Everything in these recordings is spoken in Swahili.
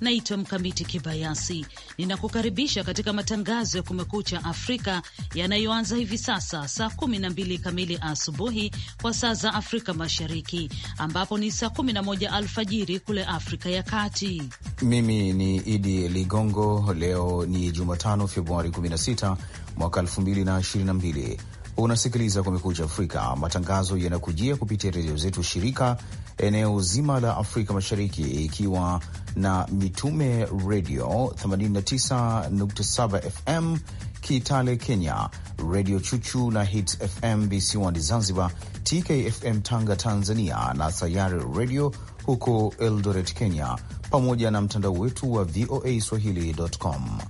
Naitwa Mkamiti Kibayasi, ninakukaribisha katika matangazo ya Kumekucha Afrika yanayoanza hivi sasa saa mbili kamili asubuhi kwa saa za Afrika Mashariki, ambapo ni saa 11 alfajiri kule Afrika ya Kati. Mimi ni Idi Ligongo. Leo ni Jumatano, Februari 16 mwaka 2022. Unasikiliza Kumekucha Afrika, matangazo yanakujia kupitia redio zetu shirika eneo zima la Afrika Mashariki, ikiwa na Mitume Radio 89.7 FM Kitale Kenya, Redio Chuchu na Hits FM BC1 Zanzibar, TKFM Tanga Tanzania, na Sayari redio huko Eldoret Kenya, pamoja na mtandao wetu wa VOA Swahili.com.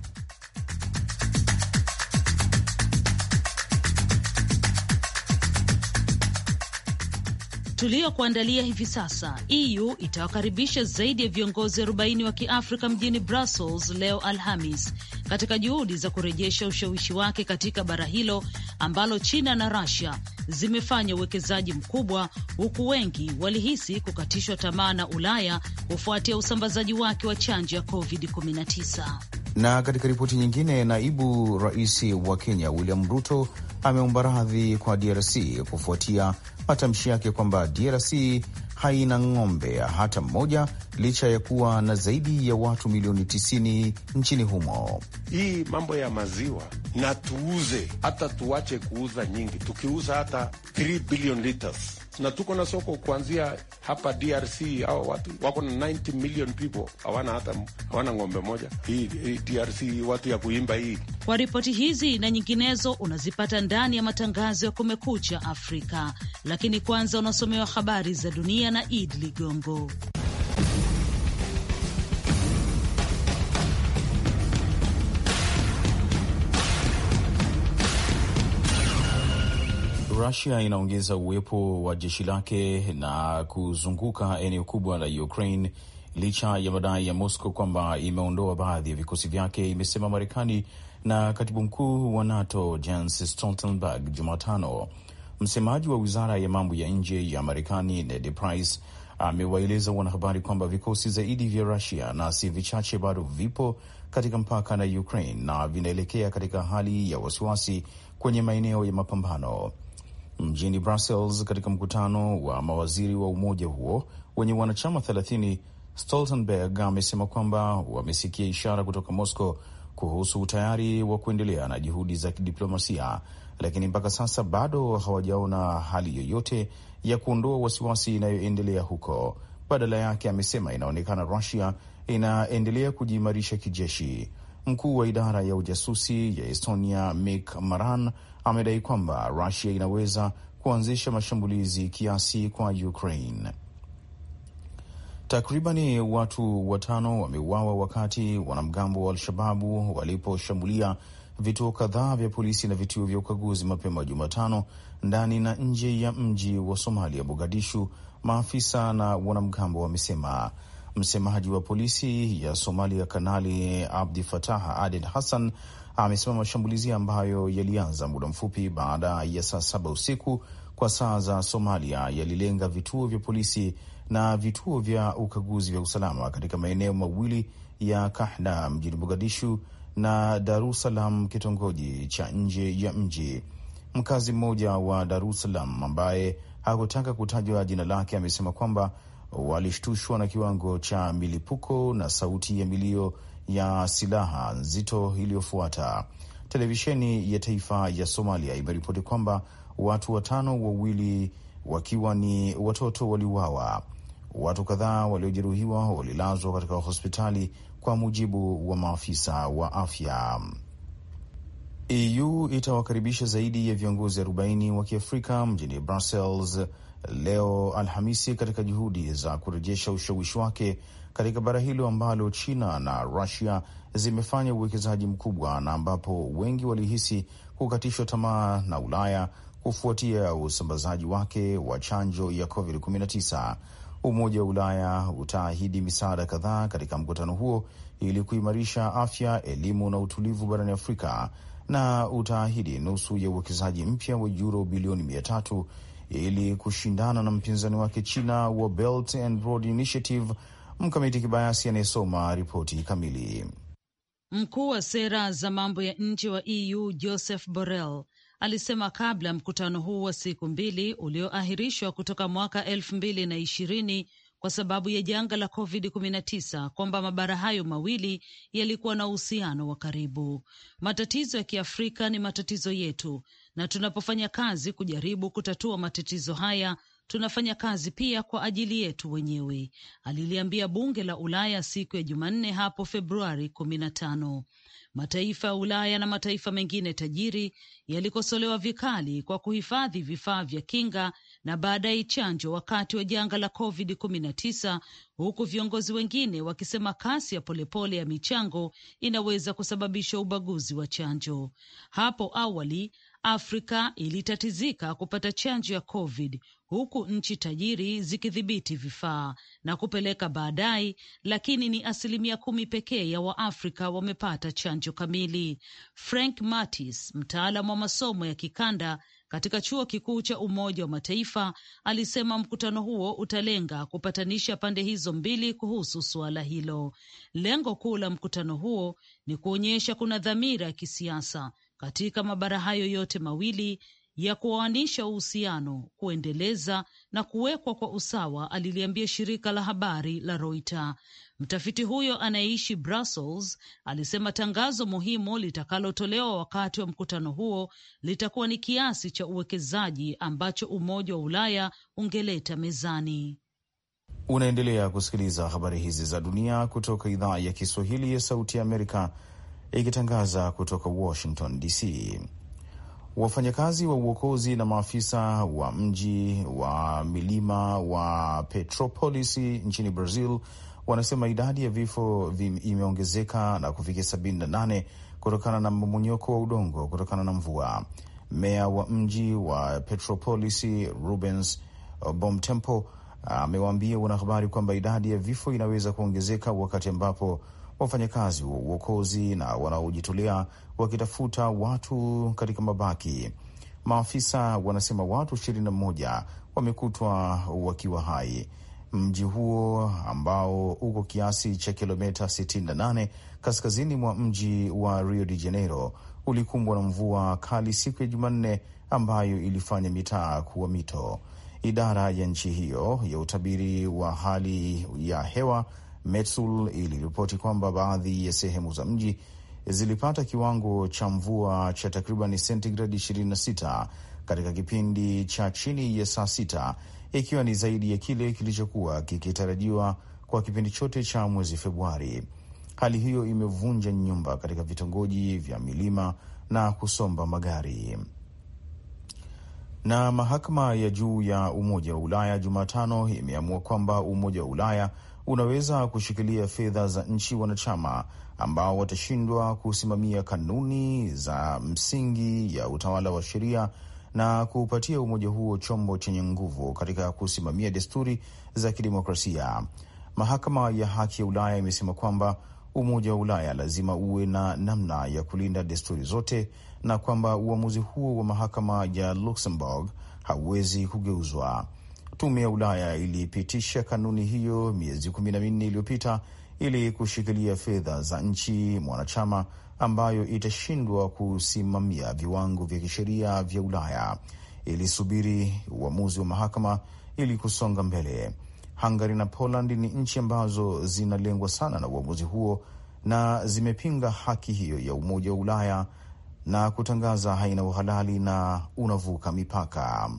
tuliyokuandalia hivi sasa, EU itawakaribisha zaidi ya viongozi 40 wa Kiafrika mjini Brussels leo Alhamis, katika juhudi za kurejesha ushawishi wake katika bara hilo ambalo China na rusia zimefanya uwekezaji mkubwa, huku wengi walihisi kukatishwa tamaa na Ulaya kufuatia usambazaji wake wa chanjo ya COVID-19. Na katika ripoti nyingine, naibu rais wa Kenya William Ruto ameomba radhi kwa DRC kufuatia matamshi yake kwamba DRC haina ng'ombe hata mmoja licha ya kuwa na zaidi ya watu milioni 90 nchini humo. Hii mambo ya maziwa na tuuze, hata tuache kuuza nyingi, tukiuza hata 3 billion liters na tuko na soko kuanzia hapa DRC. au watu wako na 90 million people, hawana hata hawana ng'ombe moja. Hii, hii DRC watu ya kuimba hii. Kwa ripoti hizi na nyinginezo unazipata ndani ya matangazo ya Kumekucha Afrika, lakini kwanza unasomewa habari za dunia na Id Ligongo. Rusia inaongeza uwepo wa jeshi lake na kuzunguka eneo kubwa la Ukraine licha ya madai ya Moscow kwamba imeondoa baadhi ya vikosi vyake, imesema Marekani na katibu mkuu wa NATO Jens Stoltenberg Jumatano. Msemaji wa wizara ya mambo ya nje ya Marekani Ned Price amewaeleza wanahabari kwamba vikosi zaidi vya Rusia na si vichache bado vipo katika mpaka na Ukraine na vinaelekea katika hali ya wasiwasi kwenye maeneo ya mapambano mjini Brussels katika mkutano wa mawaziri wa umoja huo wenye wanachama 30. Stoltenberg amesema kwamba wamesikia ishara kutoka Moscow kuhusu utayari wa kuendelea na juhudi za kidiplomasia, lakini mpaka sasa bado hawajaona hali yoyote ya kuondoa wasiwasi inayoendelea huko. Badala yake, amesema inaonekana Rusia inaendelea kujiimarisha kijeshi. Mkuu wa idara ya ujasusi ya Estonia Mik Maran amedai kwamba Rusia inaweza kuanzisha mashambulizi kiasi kwa Ukraine. Takribani watu watano wameuawa wakati wanamgambo wa Al-Shababu waliposhambulia vituo kadhaa vya polisi na vituo vya ukaguzi mapema Jumatano ndani na nje ya mji wa Somalia, Mogadishu, maafisa na wanamgambo wamesema. Msemaji wa polisi ya Somalia, Kanali Abdi Fatah Aden Hassan amesema mashambulizi ambayo yalianza muda mfupi baada ya saa saba usiku kwa saa za Somalia yalilenga vituo vya polisi na vituo vya ukaguzi vya usalama katika maeneo mawili ya Kahna mjini Mogadishu na Darussalam, kitongoji cha nje ya mji. Mkazi mmoja wa Darussalam ambaye hakutaka kutajwa jina lake amesema kwamba walishtushwa na kiwango cha milipuko na sauti ya milio ya silaha nzito iliyofuata. Televisheni ya taifa ya Somalia imeripoti kwamba watu watano, wawili wakiwa ni watoto, waliuawa. Watu kadhaa waliojeruhiwa walilazwa katika hospitali, kwa mujibu wa maafisa wa afya. EU itawakaribisha zaidi ya viongozi 40 wa Kiafrika mjini Brussels leo Alhamisi katika juhudi za kurejesha ushawishi wake katika bara hilo ambalo China na Rusia zimefanya uwekezaji mkubwa na ambapo wengi walihisi kukatishwa tamaa na Ulaya kufuatia usambazaji wake wa chanjo ya COVID-19. Umoja wa Ulaya utaahidi misaada kadhaa katika mkutano huo ili kuimarisha afya, elimu na utulivu barani Afrika, na utaahidi nusu ya uwekezaji mpya wa yuro bilioni mia tatu ili kushindana na mpinzani wake China wa Belt and Road Initiative. Mkamiti Kibayasi anayesoma ripoti kamili. Mkuu wa sera za mambo ya nje wa EU Joseph Borrell alisema kabla mkutano huu wa siku mbili ulioahirishwa kutoka mwaka elfu mbili na ishirini kwa sababu ya janga la COVID-19 kwamba mabara hayo mawili yalikuwa na uhusiano wa karibu. Matatizo ya Kiafrika ni matatizo yetu, na tunapofanya kazi kujaribu kutatua matatizo haya tunafanya kazi pia kwa ajili yetu wenyewe, aliliambia bunge la Ulaya siku ya Jumanne hapo Februari kumi na tano. Mataifa ya Ulaya na mataifa mengine tajiri yalikosolewa vikali kwa kuhifadhi vifaa vya kinga na baadaye chanjo wakati wa janga la COVID-19, huku viongozi wengine wakisema kasi ya polepole ya michango inaweza kusababisha ubaguzi wa chanjo. Hapo awali Afrika ilitatizika kupata chanjo ya COVID huku nchi tajiri zikidhibiti vifaa na kupeleka baadaye, lakini ni asilimia kumi pekee ya Waafrika wamepata chanjo kamili. Frank Mattis, mtaalam wa masomo ya kikanda katika chuo kikuu cha Umoja wa Mataifa alisema mkutano huo utalenga kupatanisha pande hizo mbili kuhusu suala hilo. Lengo kuu la mkutano huo ni kuonyesha kuna dhamira ya kisiasa katika mabara hayo yote mawili ya kuoanisha uhusiano, kuendeleza na kuwekwa kwa usawa, aliliambia shirika la habari la Reuters. Mtafiti huyo anayeishi Brussels alisema tangazo muhimu litakalotolewa wakati wa mkutano huo litakuwa ni kiasi cha uwekezaji ambacho Umoja wa Ulaya ungeleta mezani. Unaendelea kusikiliza habari hizi za dunia kutoka idhaa ya Kiswahili ya Sauti ya Amerika, ikitangaza kutoka Washington DC. Wafanyakazi wa uokozi na maafisa wa mji wa milima wa Petropolis nchini Brazil wanasema idadi ya vifo imeongezeka na kufikia nane kutokana na mmomonyoko wa udongo kutokana na mvua. Meya wa mji wa Petropolis Rubens Bomtempo amewaambia wanahabari kwamba idadi ya vifo inaweza kuongezeka wakati ambapo wafanyakazi wa uokozi na wanaojitolea wakitafuta watu katika mabaki. Maafisa wanasema watu mmoja wamekutwa wakiwa hai. Mji huo ambao uko kiasi cha kilomita 68 kaskazini mwa mji wa Rio de Janeiro ulikumbwa na mvua kali siku ya Jumanne ambayo ilifanya mitaa kuwa mito. Idara ya nchi hiyo ya utabiri wa hali ya hewa Metsul iliripoti kwamba baadhi ya sehemu za mji zilipata kiwango cha mvua cha takriban sentigradi 26 katika kipindi cha chini ya saa sita, ikiwa ni zaidi ya kile kilichokuwa kikitarajiwa kwa kipindi chote cha mwezi Februari. Hali hiyo imevunja nyumba katika vitongoji vya milima na kusomba magari. Na mahakama ya juu ya Umoja wa Ulaya Jumatano imeamua kwamba Umoja wa Ulaya unaweza kushikilia fedha za nchi wanachama ambao watashindwa kusimamia kanuni za msingi ya utawala wa sheria na kuupatia umoja huo chombo chenye nguvu katika kusimamia desturi za kidemokrasia. Mahakama ya Haki ya Ulaya imesema kwamba Umoja wa Ulaya lazima uwe na namna ya kulinda desturi zote na kwamba uamuzi huo wa mahakama ya Luxembourg hauwezi kugeuzwa. Tume ya Ulaya ilipitisha kanuni hiyo miezi kumi na minne iliyopita ili kushikilia fedha za nchi mwanachama ambayo itashindwa kusimamia viwango vya kisheria vya Ulaya. Ilisubiri uamuzi wa mahakama ili kusonga mbele. Hungary na Poland ni nchi ambazo zinalengwa sana na uamuzi huo na zimepinga haki hiyo ya Umoja wa Ulaya na kutangaza haina uhalali na unavuka mipaka.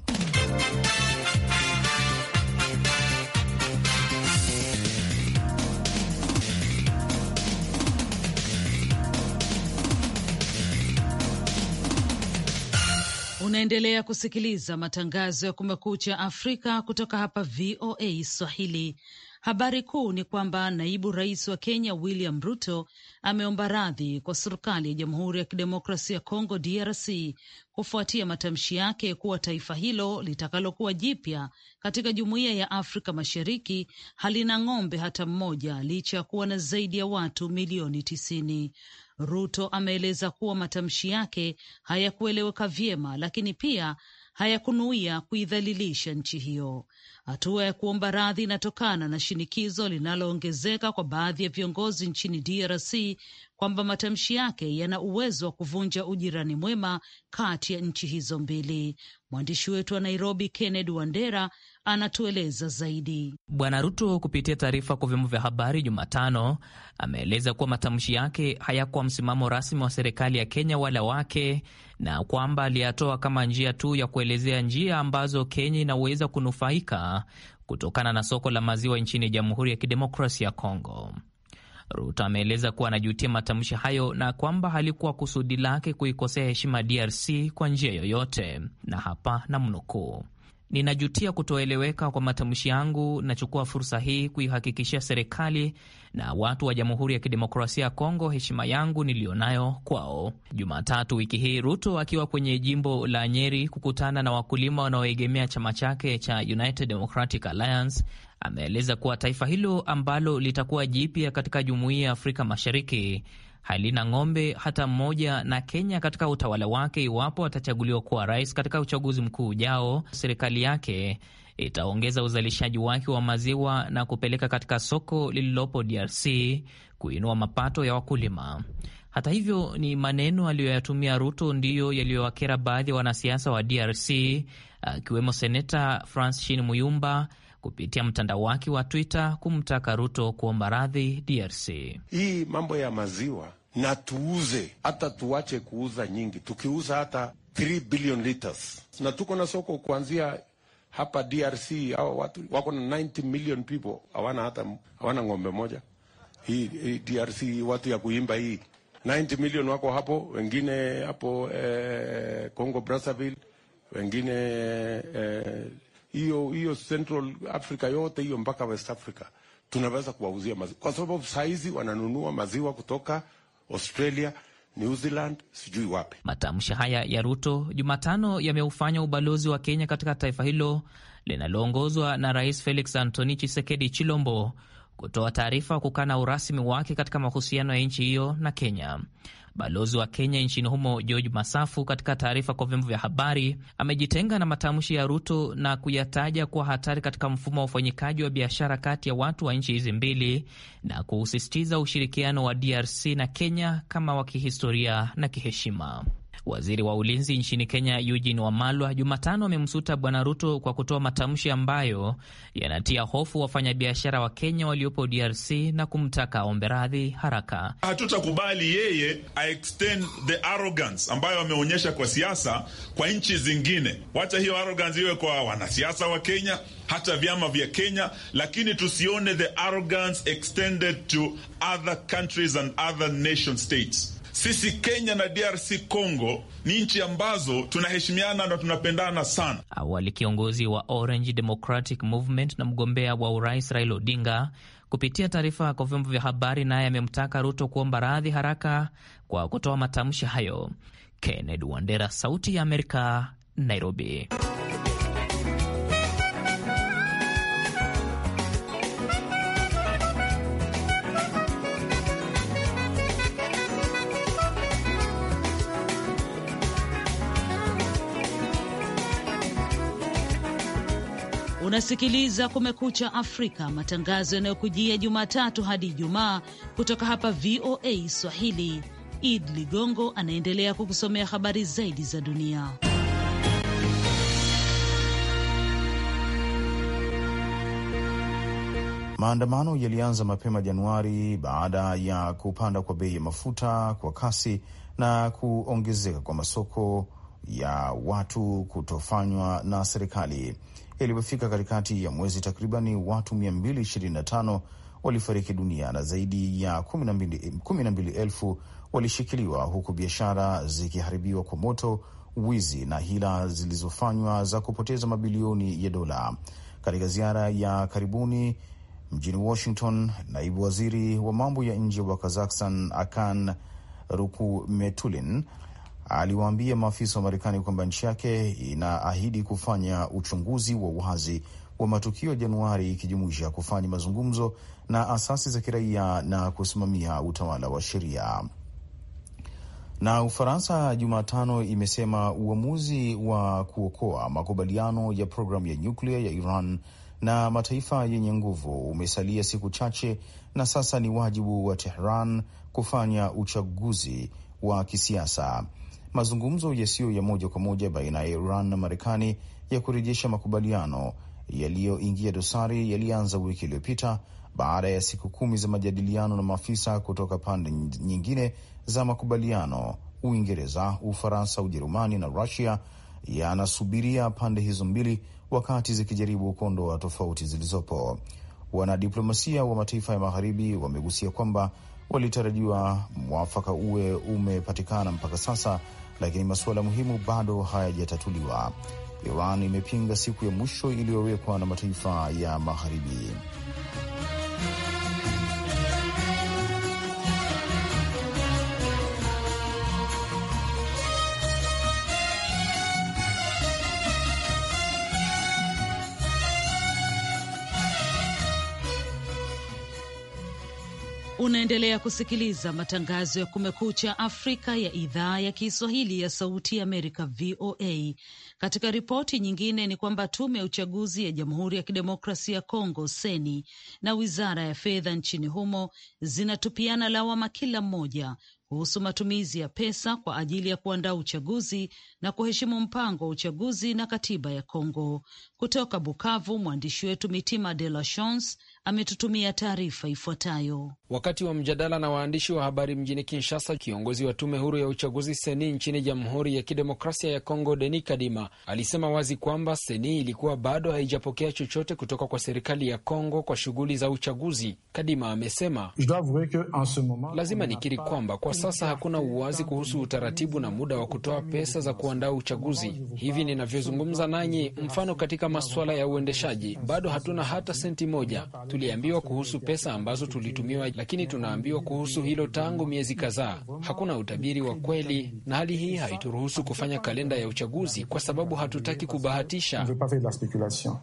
Unaendelea kusikiliza matangazo ya Kumekucha Afrika kutoka hapa VOA Swahili. Habari kuu ni kwamba naibu rais wa Kenya William Ruto ameomba radhi kwa serikali ya Jamhuri ya Kidemokrasia ya Kongo DRC kufuatia matamshi yake kuwa taifa hilo litakalokuwa jipya katika Jumuiya ya Afrika Mashariki halina ng'ombe hata mmoja licha ya kuwa na zaidi ya watu milioni tisini. Ruto ameeleza kuwa matamshi yake hayakueleweka vyema, lakini pia hayakunuia kuidhalilisha nchi hiyo. Hatua ya kuomba radhi inatokana na shinikizo linaloongezeka kwa baadhi ya viongozi nchini DRC kwamba matamshi yake yana uwezo wa kuvunja ujirani mwema kati ya nchi hizo mbili. Mwandishi wetu wa Nairobi, kenned Wandera, anatueleza zaidi. Bwana Ruto kupitia taarifa kwa vyombo vya habari Jumatano ameeleza kuwa matamshi yake hayakuwa msimamo rasmi wa serikali ya Kenya wala wake, na kwamba aliyatoa kama njia tu ya kuelezea njia ambazo Kenya inaweza kunufaika kutokana na soko la maziwa nchini Jamhuri ya Kidemokrasia ya Kongo. Ruto ameeleza kuwa anajutia matamshi hayo na kwamba halikuwa kusudi lake kuikosea heshima DRC kwa njia yoyote, na hapa namnukuu: Ninajutia kutoeleweka kwa matamshi yangu. Nachukua fursa hii kuihakikishia serikali na watu wa Jamhuri ya Kidemokrasia ya Kongo heshima yangu niliyonayo kwao. Jumatatu wiki hii, Ruto akiwa kwenye jimbo la Nyeri kukutana na wakulima wanaoegemea chama chake cha United Democratic Alliance ameeleza kuwa taifa hilo ambalo litakuwa jipya katika Jumuiya ya Afrika Mashariki halina ng'ombe hata mmoja, na Kenya katika utawala wake, iwapo atachaguliwa kuwa rais katika uchaguzi mkuu ujao, serikali yake itaongeza uzalishaji wake wa maziwa na kupeleka katika soko lililopo DRC kuinua mapato ya wakulima. Hata hivyo, ni maneno aliyoyatumia Ruto ndiyo yaliyowakera baadhi ya wanasiasa wa DRC akiwemo seneta Francine Muyumba kupitia mtandao wake wa Twitter kumtaka Ruto kuomba radhi DRC. Hii mambo ya maziwa na tuuze, hata tuache kuuza nyingi, tukiuza hata 3 billion liters, na tuko na soko kuanzia hapa DRC. Hao watu wako na 90 million people, hawana hata hawana ng'ombe moja. Hii, hii DRC watu ya kuimba hii 90 million wako hapo, wengine hapo eh, Congo Brazzaville, wengine eh, hiyo hiyo Central Africa yote hiyo mpaka West Africa tunaweza kuwauzia maziwa, kwa sababu saizi wananunua maziwa kutoka Australia, New Zealand, sijui wapi. Matamshi haya ya Ruto Jumatano yameufanya ubalozi wa Kenya katika taifa hilo linaloongozwa na Rais Felix Antoni Chisekedi Chilombo kutoa taarifa kukana urasmi wake katika mahusiano ya nchi hiyo na Kenya. Balozi wa Kenya nchini humo George Masafu, katika taarifa kwa vyombo vya habari, amejitenga na matamshi ya Ruto na kuyataja kuwa hatari katika mfumo wa ufanyikaji wa biashara kati ya watu wa nchi hizi mbili na kuusisitiza ushirikiano wa DRC na Kenya kama wa kihistoria na kiheshima. Waziri wa ulinzi nchini Kenya Eugene Wamalwa Jumatano amemsuta Bwana Ruto kwa kutoa matamshi ambayo yanatia hofu wafanyabiashara wa Kenya waliopo DRC na kumtaka aombe radhi haraka. Hatutakubali yeye a extend the arrogance ambayo ameonyesha kwa siasa kwa nchi zingine. Wacha hiyo arrogance iwe kwa wanasiasa wa Kenya, hata vyama vya Kenya, lakini tusione the arrogance extended to other countries and other nation states. Sisi Kenya na DRC Congo ni nchi ambazo tunaheshimiana na tunapendana sana. Awali kiongozi wa Orange Democratic Movement na mgombea wa urais Raila Odinga kupitia taarifa kwa vyombo vya habari, naye amemtaka Ruto kuomba radhi haraka kwa kutoa matamshi hayo. Kennedy Wandera, Sauti ya Amerika, Nairobi. Unasikiliza Kumekucha Afrika, matangazo yanayokujia Jumatatu hadi Ijumaa kutoka hapa VOA Swahili. Id Ligongo anaendelea kukusomea habari zaidi za dunia. Maandamano yalianza mapema Januari baada ya kupanda kwa bei ya mafuta kwa kasi na kuongezeka kwa masoko ya watu kutofanywa na serikali yalipofika katikati ya mwezi, takribani watu 225 walifariki dunia na zaidi ya 12,000 walishikiliwa huku biashara zikiharibiwa kwa moto, wizi na hila zilizofanywa za kupoteza mabilioni ya dola. Katika ziara ya karibuni mjini Washington, naibu waziri wa mambo ya nje wa Kazakhstan Akan Rukumetulin aliwaambia maafisa wa Marekani kwamba nchi yake inaahidi kufanya uchunguzi wa wazi wa matukio Januari, ikijumuisha kufanya mazungumzo na asasi za kiraia na kusimamia utawala wa sheria. Na Ufaransa Jumatano imesema uamuzi wa kuokoa makubaliano ya programu ya nyuklia ya Iran na mataifa yenye nguvu umesalia siku chache, na sasa ni wajibu wa Tehran kufanya uchaguzi wa kisiasa mazungumzo yasiyo ya moja kwa moja baina ya Iran na Marekani ya kurejesha makubaliano yaliyoingia dosari yalianza wiki iliyopita baada ya siku kumi za majadiliano na maafisa kutoka pande nyingine za makubaliano. Uingereza, Ufaransa, Ujerumani na Rusia yanasubiria pande hizo mbili wakati zikijaribu kuondoa tofauti zilizopo. Wanadiplomasia wa mataifa ya magharibi wamegusia kwamba walitarajiwa mwafaka uwe umepatikana mpaka sasa, lakini masuala muhimu bado hayajatatuliwa. Iran imepinga siku ya mwisho iliyowekwa na mataifa ya Magharibi. Unaendelea kusikiliza matangazo ya Kumekucha Afrika ya idhaa ya Kiswahili ya Sauti Amerika, VOA. Katika ripoti nyingine ni kwamba tume ya uchaguzi ya Jamhuri ya Kidemokrasia ya Kongo, seni na wizara ya fedha nchini humo zinatupiana lawama kila mmoja kuhusu matumizi ya pesa kwa ajili ya kuandaa uchaguzi na kuheshimu mpango wa uchaguzi na katiba ya Kongo. Kutoka Bukavu, mwandishi wetu Mitima De La Chance ametutumia taarifa ifuatayo. Wakati wa mjadala na waandishi wa habari mjini Kinshasa, kiongozi wa tume huru ya uchaguzi seni nchini Jamhuri ya Kidemokrasia ya Kongo, deni Kadima, alisema wazi kwamba seni ilikuwa bado haijapokea chochote kutoka kwa serikali ya Kongo kwa shughuli za uchaguzi. Kadima amesema, lazima nikiri kwamba kwa sasa hakuna uwazi kuhusu utaratibu na muda wa kutoa pesa za kuandaa uchaguzi. Hivi ninavyozungumza nanyi, mfano katika masuala ya uendeshaji, bado hatuna hata senti moja. Tuliambiwa kuhusu pesa ambazo tulitumiwa, lakini tunaambiwa kuhusu hilo tangu miezi kadhaa. Hakuna utabiri wa kweli, na hali hii haituruhusu kufanya kalenda ya uchaguzi kwa sababu hatutaki kubahatisha.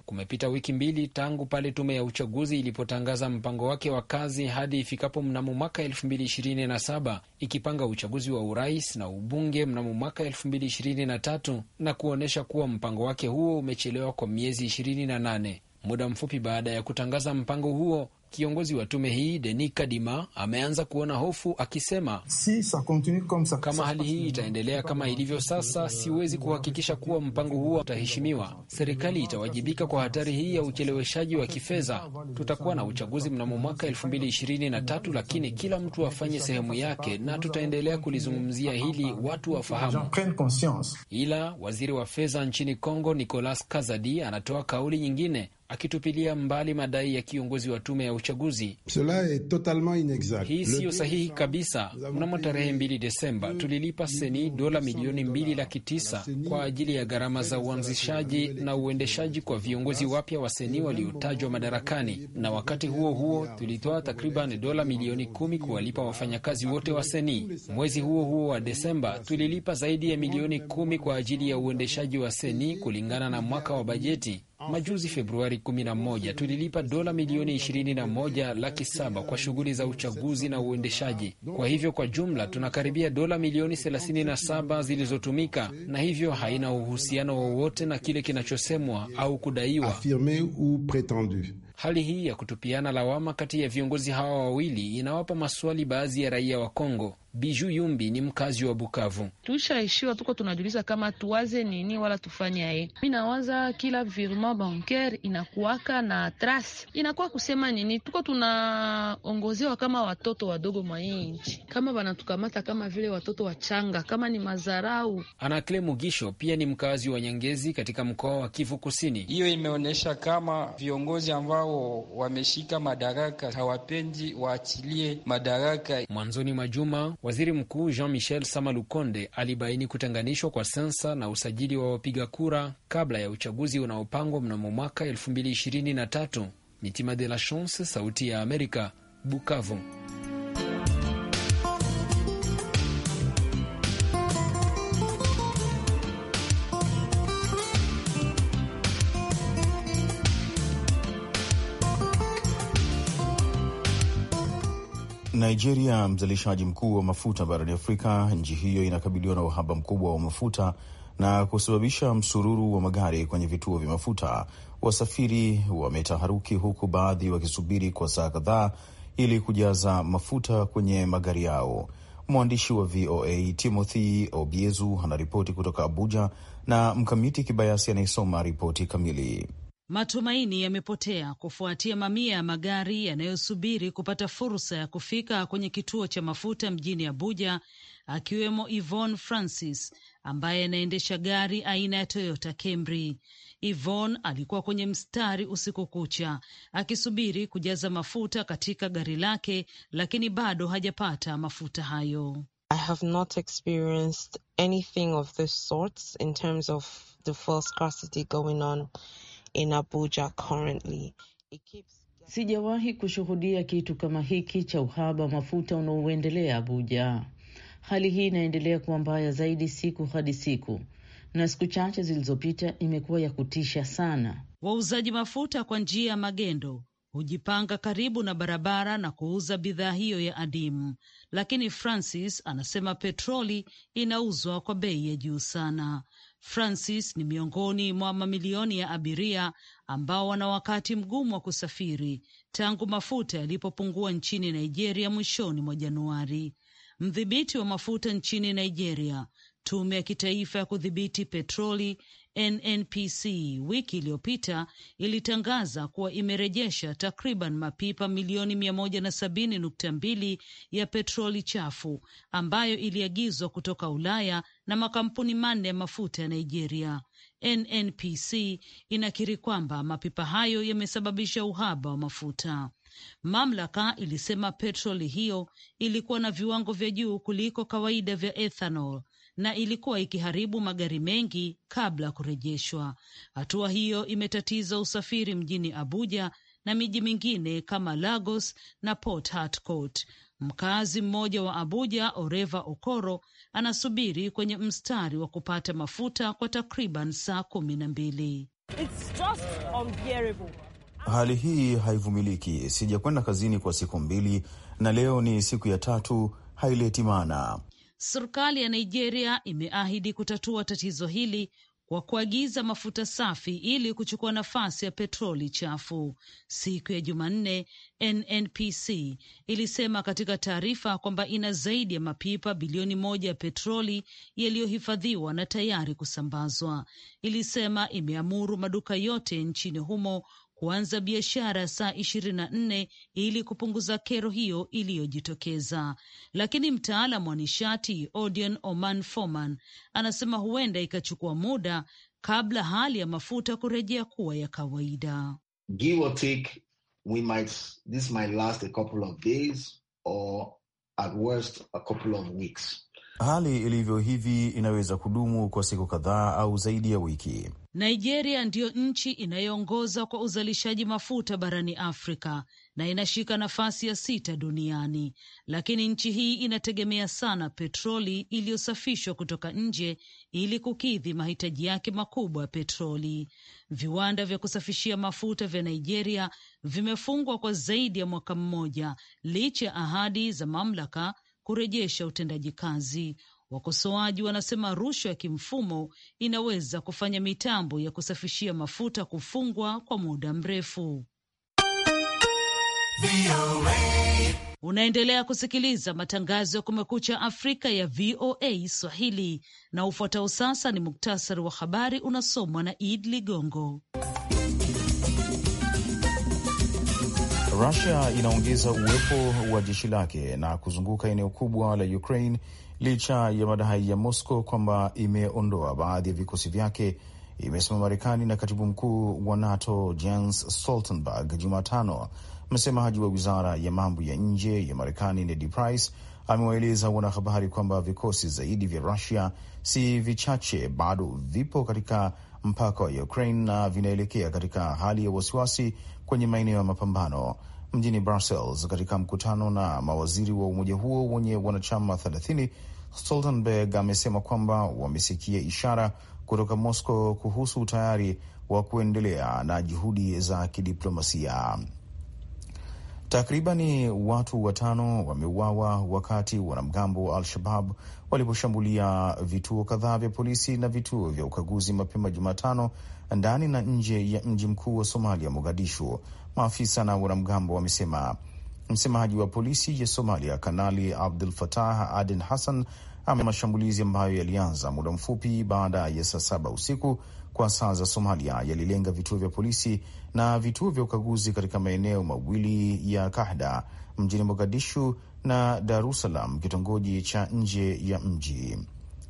Kumepita wiki mbili tangu pale tume ya uchaguzi ilipotangaza mpango wake wa kazi hadi ifikapo mnamo mwaka 2027 ikipanga uchaguzi wa urais na ubunge mnamo mwaka 2023 na kuonyesha kuwa mpango wake huo umechelewa kwa miezi 28 muda mfupi baada ya kutangaza mpango huo Kiongozi wa tume hii Denis Kadima ameanza kuona hofu akisema, si, sa continue, sa, kama hali hii itaendelea kama ilivyo sasa, siwezi kuhakikisha kuwa mpango huo utaheshimiwa. Serikali itawajibika kwa hatari hii ya ucheleweshaji wa kifedha. Tutakuwa na uchaguzi mnamo mwaka elfu mbili ishirini na tatu, lakini kila mtu afanye sehemu yake na tutaendelea kulizungumzia hili, watu wafahamu. Ila waziri wa fedha nchini Kongo Nicolas Kazadi anatoa kauli nyingine akitupilia mbali madai ya kiongozi wa tume ya uchaguzi. Hii siyo sahihi kabisa. Mnamo tarehe mbili Desemba tulilipa seni dola milioni mbili laki tisa kwa ajili ya gharama za uanzishaji na uendeshaji kwa viongozi wapya wa seni waliotajwa madarakani, na wakati huo huo tulitoa takriban dola milioni kumi kuwalipa wafanyakazi wote wa seni. Mwezi huo huo wa Desemba tulilipa zaidi ya milioni kumi kwa ajili ya uendeshaji wa seni kulingana na mwaka wa bajeti. Majuzi Februari 11 tulilipa dola milioni 21 laki saba kwa shughuli za uchaguzi na uendeshaji. Kwa hivyo kwa jumla tunakaribia dola milioni 37 zilizotumika, na hivyo haina uhusiano wowote na kile kinachosemwa au kudaiwa. Hali hii ya kutupiana lawama kati ya viongozi hawa wawili inawapa maswali baadhi ya raia wa Kongo. Biju Yumbi ni mkazi wa Bukavu. Tuishaishiwa, tuko tunajuliza kama tuwaze nini wala tufanyaye. Mi nawaza kila virement bancaire inakuwaka na trace, inakuwa kusema nini? Tuko tunaongozewa kama watoto wadogo mwa nchi, kama wanatukamata kama vile watoto wachanga, kama ni mazarau Anakle Mugisho pia ni mkazi wa Nyangezi katika mkoa wa Kivu Kusini. Hiyo imeonyesha kama viongozi ambao wameshika madaraka hawapendi waachilie madaraka. Mwanzoni mwa juma Waziri Mkuu Jean Michel Sama Lukonde alibaini kutenganishwa kwa sensa na usajili wa wapiga kura kabla ya uchaguzi unaopangwa mnamo mwaka 2023. Mitima de la Chance, Sauti ya Amerika, Bukavu. Nigeria, mzalishaji mkuu wa mafuta barani Afrika, nchi hiyo inakabiliwa na uhaba mkubwa wa mafuta na kusababisha msururu wa magari kwenye vituo vya mafuta. Wasafiri wametaharuki, huku baadhi wakisubiri kwa saa kadhaa ili kujaza mafuta kwenye magari yao. Mwandishi wa VOA Timothy Obiezu anaripoti kutoka Abuja na Mkamiti Kibayasi anayesoma ripoti kamili. Matumaini yamepotea kufuatia mamia ya magari yanayosubiri kupata fursa ya kufika kwenye kituo cha mafuta mjini Abuja, akiwemo Yvonne Francis ambaye anaendesha gari aina ya Toyota Camry. Yvonne alikuwa kwenye mstari usiku kucha akisubiri kujaza mafuta katika gari lake, lakini bado hajapata mafuta hayo. I have not experienced anything of this in terms of the scarcity going on in Abuja currently. It keeps... Sijawahi kushuhudia kitu kama hiki cha uhaba wa mafuta unaoendelea Abuja. Hali hii inaendelea kuwa mbaya zaidi siku hadi siku, na siku chache zilizopita imekuwa ya kutisha sana. Wauzaji mafuta kwa njia ya magendo hujipanga karibu na barabara na kuuza bidhaa hiyo ya adimu, lakini Francis anasema petroli inauzwa kwa bei ya juu sana. Francis ni miongoni mwa mamilioni ya abiria ambao wana wakati mgumu wa kusafiri tangu mafuta yalipopungua nchini Nigeria mwishoni mwa Januari. Mdhibiti wa mafuta nchini Nigeria, Tume ya Kitaifa ya Kudhibiti Petroli NNPC wiki iliyopita ilitangaza kuwa imerejesha takriban mapipa milioni mia moja na sabini nukta mbili ya petroli chafu ambayo iliagizwa kutoka Ulaya na makampuni manne ya mafuta ya Nigeria. NNPC inakiri kwamba mapipa hayo yamesababisha uhaba wa mafuta. Mamlaka ilisema petroli hiyo ilikuwa na viwango vya juu kuliko kawaida vya ethanol na ilikuwa ikiharibu magari mengi kabla ya kurejeshwa. Hatua hiyo imetatiza usafiri mjini Abuja na miji mingine kama Lagos na Port Harcourt. Mkazi mmoja wa Abuja, Oreva Okoro, anasubiri kwenye mstari wa kupata mafuta kwa takriban saa kumi na mbili. Hali hii haivumiliki. Sijakwenda kazini kwa siku mbili na leo ni siku ya tatu, haileti maana. Serikali ya Nigeria imeahidi kutatua tatizo hili kwa kuagiza mafuta safi ili kuchukua nafasi ya petroli chafu. Siku ya Jumanne, NNPC ilisema katika taarifa kwamba ina zaidi ya mapipa bilioni moja ya petroli yaliyohifadhiwa na tayari kusambazwa. Ilisema imeamuru maduka yote nchini humo kuanza biashara saa ishirini na nne ili kupunguza kero hiyo iliyojitokeza. Lakini mtaalam wa nishati Odion Oman Foman anasema huenda ikachukua muda kabla hali ya mafuta kurejea kuwa ya kawaida. Give or take, we might, this might last a couple of days or at worst a couple of weeks. Hali ilivyo hivi inaweza kudumu kwa siku kadhaa au zaidi ya wiki. Nigeria ndiyo nchi inayoongoza kwa uzalishaji mafuta barani Afrika na inashika nafasi ya sita duniani, lakini nchi hii inategemea sana petroli iliyosafishwa kutoka nje ili kukidhi mahitaji yake makubwa ya petroli. Viwanda vya kusafishia mafuta vya Nigeria vimefungwa kwa zaidi ya mwaka mmoja licha ya ahadi za mamlaka kurejesha utendaji kazi. Wakosoaji wanasema rushwa ya kimfumo inaweza kufanya mitambo ya kusafishia mafuta kufungwa kwa muda mrefu. Unaendelea kusikiliza matangazo ya Kumekucha Afrika ya VOA Swahili, na ufuatao sasa ni muktasari wa habari unasomwa na Id Ligongo. Rusia inaongeza uwepo wa jeshi lake na kuzunguka eneo kubwa la Ukraine licha ya madai ya Moscow kwamba imeondoa baadhi ya vikosi vyake, imesema Marekani na katibu mkuu wa NATO Jens Stoltenberg Jumatano. Msemaji wa wizara ya mambo ya nje ya Marekani Ned Price amewaeleza wanahabari kwamba vikosi zaidi vya Rusia si vichache, bado vipo katika mpaka wa Ukraine na vinaelekea katika hali ya wasiwasi kwenye maeneo ya mapambano mjini Brussels. Katika mkutano na mawaziri wa umoja huo wenye wanachama 30, Stoltenberg amesema kwamba wamesikia ishara kutoka Moscow kuhusu utayari wa kuendelea na juhudi za kidiplomasia. Takribani watu watano wameuawa wakati wanamgambo wa Al-Shabab waliposhambulia vituo kadhaa vya polisi na vituo vya ukaguzi mapema Jumatano ndani na nje ya mji mkuu wa Somalia, Mogadishu, maafisa na wanamgambo wamesema. Msemaji wa polisi ya Somalia, Kanali Abdul Fatah Aden Hassan, ama mashambulizi ambayo yalianza muda mfupi baada ya saa saba usiku kwa saa za Somalia yalilenga vituo vya polisi na vituo vya ukaguzi katika maeneo mawili ya Kahda mjini Mogadishu na Darussalam, kitongoji cha nje ya mji.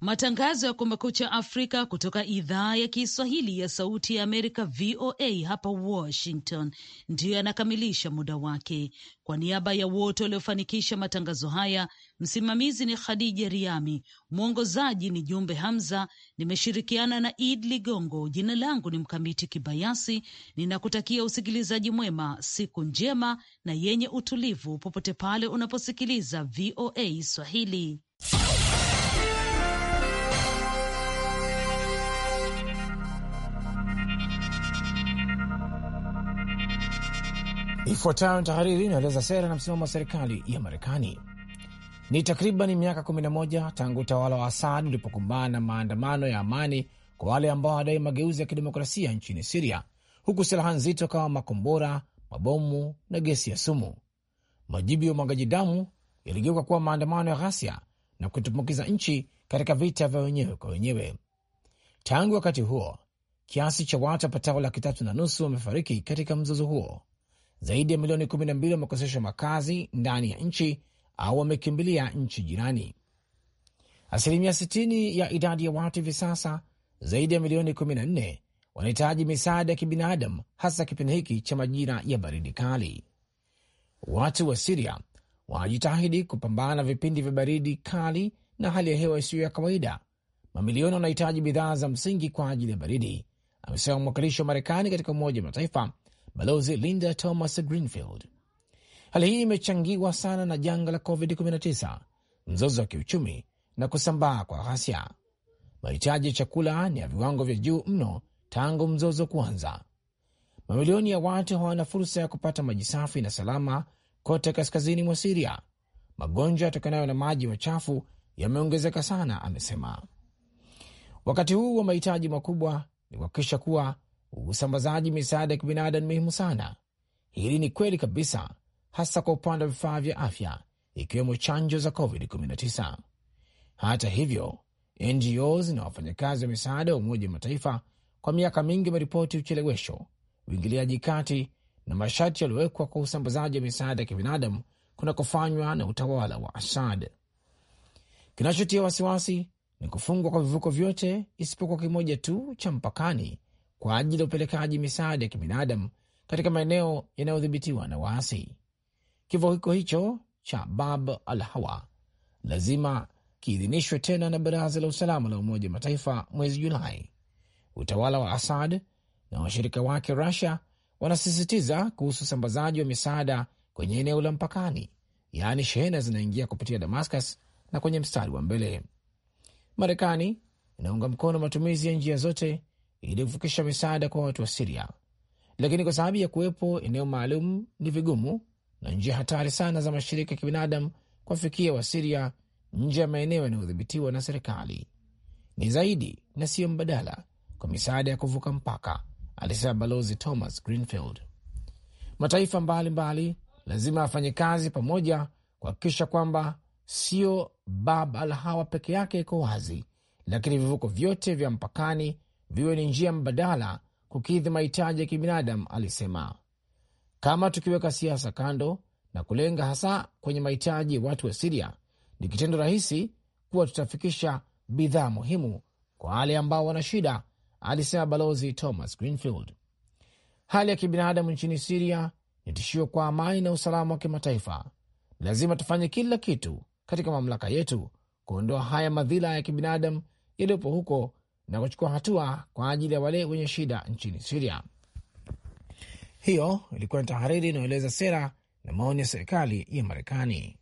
Matangazo ya Kumekucha Afrika kutoka idhaa ya Kiswahili ya Sauti ya Amerika, VOA hapa Washington, ndiyo yanakamilisha muda wake. Kwa niaba ya wote waliofanikisha matangazo haya, msimamizi ni Khadija Riami, mwongozaji ni Jumbe Hamza, nimeshirikiana na Id Ligongo. Jina langu ni Mkamiti Kibayasi, ninakutakia usikilizaji mwema, siku njema na yenye utulivu, popote pale unaposikiliza VOA Swahili. Ifuatayo ni tahariri inaeleza sera na msimamo wa serikali ya Marekani. Ni takriban miaka 11 tangu utawala wa Asad ulipokumbana na maandamano ya amani kwa wale ambao wanadai mageuzi ya kidemokrasia nchini Siria, huku silaha nzito kama makombora, mabomu na gesi ya sumu, majibu ya umwagaji damu yaligeuka kuwa maandamano ya ghasia na kutumbukiza nchi katika vita vya wenyewe kwa wenyewe. Tangu wakati huo kiasi cha watu wapatao laki tatu na nusu wamefariki katika mzozo huo zaidi ya milioni 12 wamekoseshwa makazi ndani ya nchi au wamekimbilia nchi jirani. Asilimia 60 ya idadi ya watu hivi sasa, zaidi ya milioni 14, wanahitaji misaada ya kibinadamu, hasa kipindi hiki cha majira ya baridi kali. Watu wa Siria wanajitahidi kupambana na vipindi vya baridi kali na hali ya hewa isiyo ya kawaida. Mamilioni wanahitaji bidhaa za msingi kwa ajili ya baridi, amesema mwakilishi wa Marekani katika Umoja wa Mataifa Balozi Linda Thomas Greenfield. Hali hii imechangiwa sana na janga la COVID-19, mzozo wa kiuchumi na kusambaa kwa ghasia. Mahitaji ya chakula ni ya viwango vya juu mno tangu mzozo kuanza. Mamilioni ya watu hawana fursa ya kupata maji safi na salama kote kaskazini mwa Siria. Magonjwa yatokanayo na maji machafu yameongezeka sana, amesema. Wakati huu wa mahitaji makubwa ni kuhakikisha kuwa usambazaji misaada ya kibinadamu ni muhimu sana. Hili ni kweli kabisa, hasa kwa upande wa vifaa vya afya, ikiwemo chanjo za COVID-19. Hata hivyo, NGOs na wafanyakazi wa misaada wa Umoja wa Mataifa kwa miaka mingi wameripoti uchelewesho, uingiliaji kati na masharti yaliyowekwa kwa usambazaji wa misaada ya kibinadamu kunakofanywa na utawala wa Assad. Kinachotia wasiwasi ni kufungwa kwa vivuko vyote isipokuwa kimoja tu cha mpakani kwa ajili ya upelekaji misaada ya kibinadamu katika maeneo yanayodhibitiwa na waasi. Kivuko hicho cha Bab al Hawa lazima kiidhinishwe tena na Baraza la Usalama la Umoja wa Mataifa mwezi Julai. Utawala wa Asad na washirika wake Rusia wanasisitiza kuhusu usambazaji wa misaada kwenye eneo la mpakani, yaani shehena zinaingia kupitia Damascus na kwenye mstari wa mbele. Marekani inaunga mkono matumizi ya njia zote ili kufikisha misaada kwa watu wa Siria, lakini kwa sababu ya kuwepo eneo maalum ni vigumu na njia hatari sana za mashirika ya kibinadamu kuwafikia Wasiria nje ya maeneo yanayodhibitiwa na serikali. Ni zaidi na siyo mbadala kwa misaada ya kuvuka mpaka, alisema Balozi Thomas Greenfield. Mataifa mbalimbali mbali, lazima afanye kazi pamoja kuhakikisha kwamba sio Bab al Hawa peke yake iko wazi, lakini vivuko vyote vya mpakani viwe ni njia mbadala kukidhi mahitaji ya kibinadamu, alisema. Kama tukiweka siasa kando na kulenga hasa kwenye mahitaji ya watu wa Siria, ni kitendo rahisi kuwa tutafikisha bidhaa muhimu kwa wale ambao wana shida, alisema Balozi Thomas Greenfield. Hali ya kibinadamu nchini Siria ni tishio kwa amani na usalama wa kimataifa. Lazima tufanye kila kitu katika mamlaka yetu kuondoa haya madhila ya kibinadamu yaliyopo huko na kuchukua hatua kwa ajili ya wale wenye shida nchini Siria. Hiyo ilikuwa ni tahariri inayoeleza sera na maoni ya serikali ya Marekani.